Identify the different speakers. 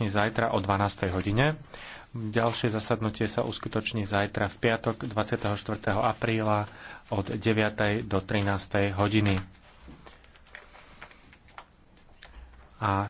Speaker 1: uskutoční zajtra o 12. hodine. Ďalšie zasadnutie sa uskutoční zajtra v piatok 24. apríla od 9. do 13. hodiny. A